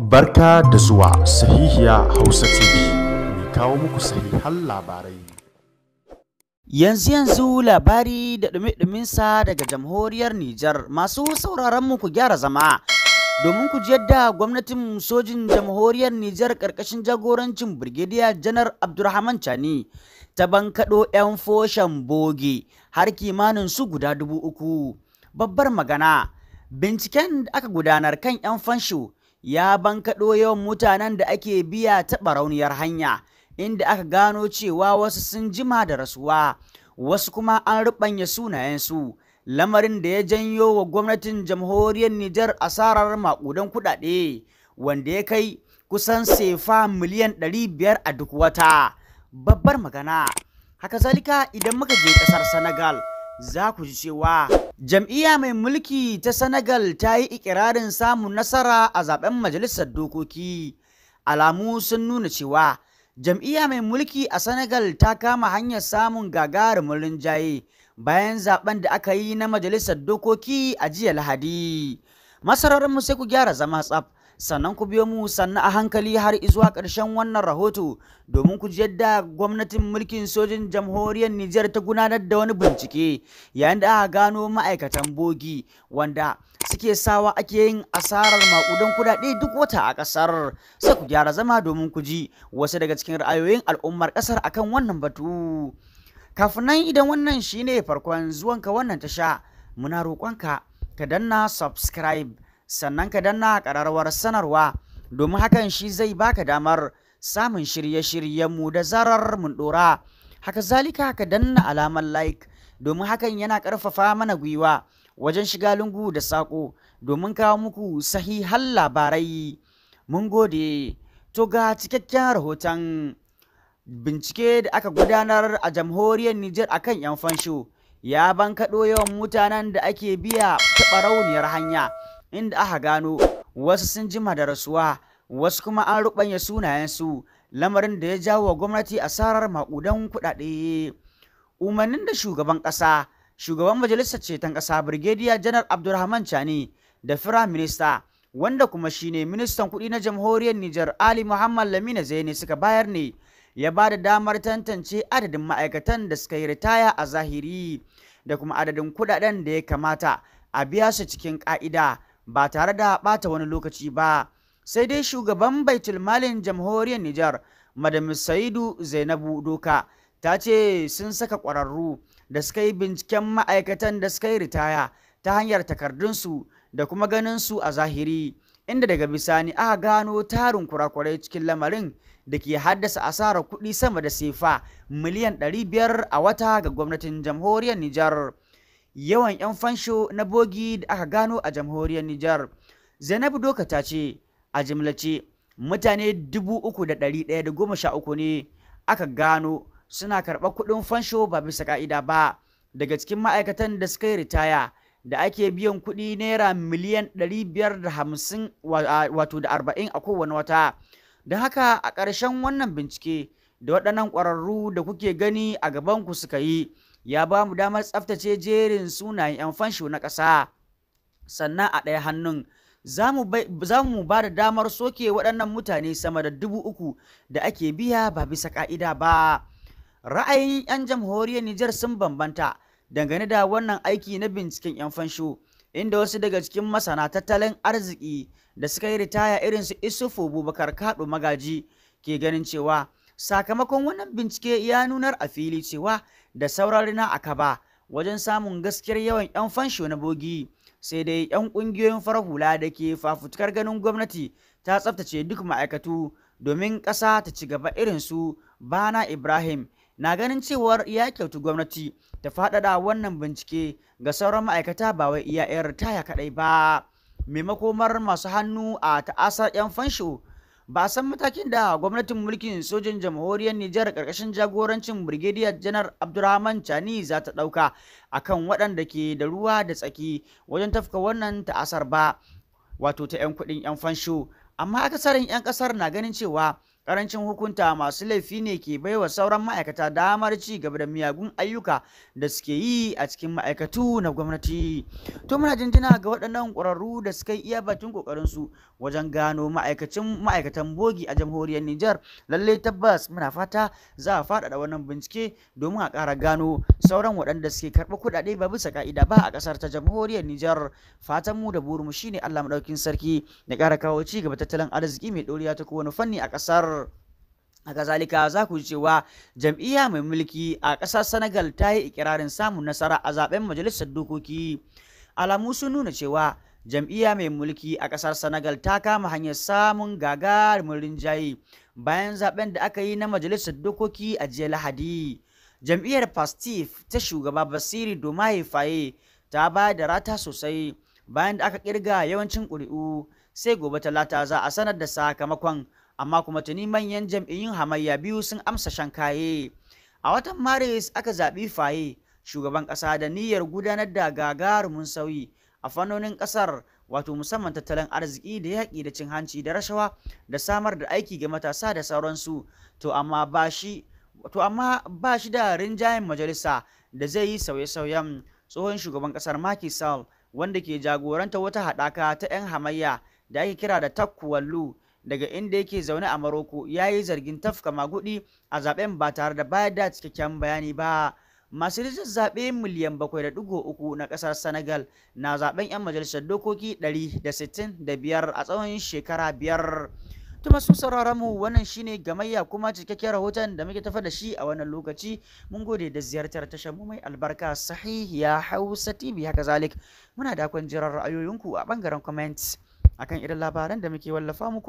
Barka da zuwa sahihiya Hausa TV, mai kawo muku sahihan labarai. Yanzu yanzu labari da ɗumi-ɗuminsa daga jamhuriyar Nijar masu sauraron mu ku gyara zama. Domin ku ji yadda gwamnatin sojin jamhuriyar Nijar ƙarƙashin jagorancin Birgediya Janar Abdurrahman Chani ta bankaɗo 'yan foshan boge har kimanin su guda dubu uku. Babbar magana, binciken da aka gudanar kan 'yan fansho ya bankaɗo yawan mutanen da ake biya ta barauniyar hanya, inda aka gano cewa wasu sun jima da rasuwa, wasu kuma an ruɓanya sunayensu. Lamarin da ya janyo wa gwamnatin jamhuriyar Nijar asarar maƙudan kuɗaɗe, wanda ya kai kusan sefa miliyan 500 a duk wata. Babbar magana. Haka zalika idan muka je ƙasar Senegal. za ku ji cewa jam'iyya mai mulki ta Senegal ta yi ikirarin samun nasara a zaben majalisar dokoki. Alamu sun nuna cewa jam'iyya mai mulki a Senegal ta kama hanyar samun gagarumin rinjaye bayan zaben da aka yi na majalisar dokoki a jiya Lahadi. Masararmu sai ku gyara zama tsaf. sannan ku biyo mu sannan a hankali har izuwa ƙarshen wannan rahoto domin ku ji gwamnatin mulkin sojin jamhuriyar Nijar ta gudanar da wani bincike yayin da aka gano ma'aikatan bogi wanda suke sawa ake yin asarar maƙudan kuɗaɗe duk wata a ƙasar sai ku gyara zama domin ku ji wasu daga cikin ra'ayoyin al'ummar ƙasar akan wannan batu kafin nan idan wannan shine farkon zuwanka wannan tasha muna roƙonka ka danna subscribe sannan ka danna ƙararrawar sanarwa domin hakan shi zai baka damar samun shirye-shiryenmu da zarar mun ɗora. Haka zalika ka danna alamar like domin hakan yana ƙarfafa mana gwiwa wajen shiga lungu da saƙo domin kawo muku sahihan labarai. Mun gode, to ga cikakken rahoton bincike da aka gudanar a jamhuriyar Nijar akan 'yan fansho. ya bankaɗo yawan mutanen da ake biya taɓa ɓarauniyar hanya inda aka gano wasu sun jima da rasuwa wasu kuma an ruɓanya sunayensu lamarin da ya jawo wa gwamnati asarar maƙudan kuɗaɗe umarnin da shugaban ƙasa shugaban majalisar ceton ƙasa birgediya janar abdulrahman chani da firayim minista wanda kuma shine ministan kuɗi na jamhuriyar nijar ali muhammad lamina zaini suka bayar ne ya ba da damar tantance adadin ma'aikatan da suka yi ritaya a zahiri da kuma adadin kuɗaɗen da ya kamata a biya su cikin ƙa'ida ba tare da ɓata wani lokaci ba sai dai shugaban baitul malin jamhuriyar Nijar madam Saidu Zainabu Doka ta ce sun saka ƙwararru da suka yi binciken ma'aikatan da suka yi ritaya ta hanyar takardunsu da kuma ganin su a zahiri inda daga bisani aka gano tarin kurakurai cikin lamarin da ke haddasa asarar kuɗi sama da sefa miliyan 500 a wata ga gwamnatin jamhuriyar Nijar. yawan 'yan fansho na bogi da aka gano a jamhuriyar Nijar. Zainabu Doka ta ce a jimlace mutane 3,113 ne aka gano suna karɓar kuɗin fansho ba bisa ka'ida ba daga cikin ma'aikatan da suka yi ritaya da ake biyan kuɗi naira miliyan 550 wato da arba'in a kowane wata. da haka a ƙarshen wannan bincike da waɗannan ƙwararru da kuke gani a gabanku suka yi. ya ba mu damar tsaftace jerin sunayen 'yan fansho na ƙasa sannan a ɗaya hannun za mu ba da damar soke waɗannan mutane sama da dubu uku da ake biya ba bisa ƙa'ida ba ra'ayin 'yan jamhuriyar nijar sun bambanta dangane da wannan aiki na binciken 'yan fansho inda wasu daga cikin masana tattalin arziki da suka yi ritaya irin su isufu bubakar kaɗo magaji ke ganin cewa sakamakon wannan bincike ya nunar a fili cewa da sauran rina aka ba wajen samun gaskiyar yawan 'yan fansho na bogi sai dai 'yan ƙungiyoyin farar hula da ke fafutukar ganin gwamnati ta tsaftace duk ma'aikatu domin ƙasa ta ci gaba irin su bana ibrahim na ganin cewar ya kyautu gwamnati ta faɗaɗa wannan bincike ga sauran ma'aikata ba wai iya 'yar taya kaɗai ba makomar masu hannu a ta'asar 'yan fansho ba san matakin da gwamnatin mulkin sojin jamhuriyar Nijar karkashin jagorancin Brigadier Janar Abdurrahman Chani za ta ɗauka akan waɗanda ke da ruwa da tsaki wajen tafka wannan ta'asar ba wato ta 'yan kuɗin 'yan fansho amma akasarin 'yan ƙasar na ganin cewa Karancin hukunta masu laifi ne ke baiwa sauran ma'aikata damar ci gaba da miyagun ayyuka da suke yi a cikin ma'aikatu na gwamnati. To muna jinjina ga waɗannan ƙwararru da suka yi iya bakin su wajen gano ma'aikacin ma'aikatan bogi a jamhuriyar Nijar. Lallai tabbas muna fata za a faɗaɗa wannan bincike domin a ƙara gano sauran waɗanda suke karɓi kuɗaɗe ba bisa ka'ida ba a ƙasar ta jamhuriyar Nijar. Fatan mu da burinmu shine Allah maɗaukin sarki ya ƙara kawo ci gaba tattalin arziki mai ɗoriya ta kowane fanni a ƙasar. A zalika za ku ji cewa jam'iyya mai mulki a ƙasar senegal ta yi ikirarin samun nasara a zaben majalisar dokoki alamu sun nuna cewa jam'iyya mai mulki a ƙasar senegal ta kama hanyar samun gagarumin rinjaye bayan zaben da aka yi na majalisar dokoki a jiya lahadi jam'iyyar pastif ta shugaba basiri domaye faye ta ba da rata sosai bayan da aka kirga yawancin ƙuri'u sai gobe talata za a sanar da sakamakon amma kuma tuni manyan jam'iyyun hamayya biyu sun amsa shankaye a watan maris aka zaɓi faye shugaban ƙasa da niyyar gudanar da gagarumin sauyi a fannonin ƙasar wato musamman tattalin arziki da yaƙi da cin hanci da rashawa da samar da aiki ga matasa da sauransu to amma ba shi da rinjayen majalisa da zai yi sauye-sauyen tsohon shugaban ƙasar Macky Sall wanda ke jagoranta wata haɗaka ta 'yan hamayya da ake kira da takkuwallu daga inda yake zaune a Maroko ya yi zargin tafka magudi a zaben ba tare da bayar da cikakken bayani ba. Masu rijin zaɓe miliyan 7.3 na ƙasar Senegal na zaben 'yan majalisar dokoki 165 a tsawon shekara biyar. Tuma sun saurara mu wannan shine gamayya kuma cikakken rahoton da muke tafa da shi a wannan lokaci mun gode da ziyartar tashar mu mai albarka sahihiya Hausa TV haka zalik muna da kwan jiran ra'ayoyinku a bangaren comments akan irin labaran da muke wallafa muku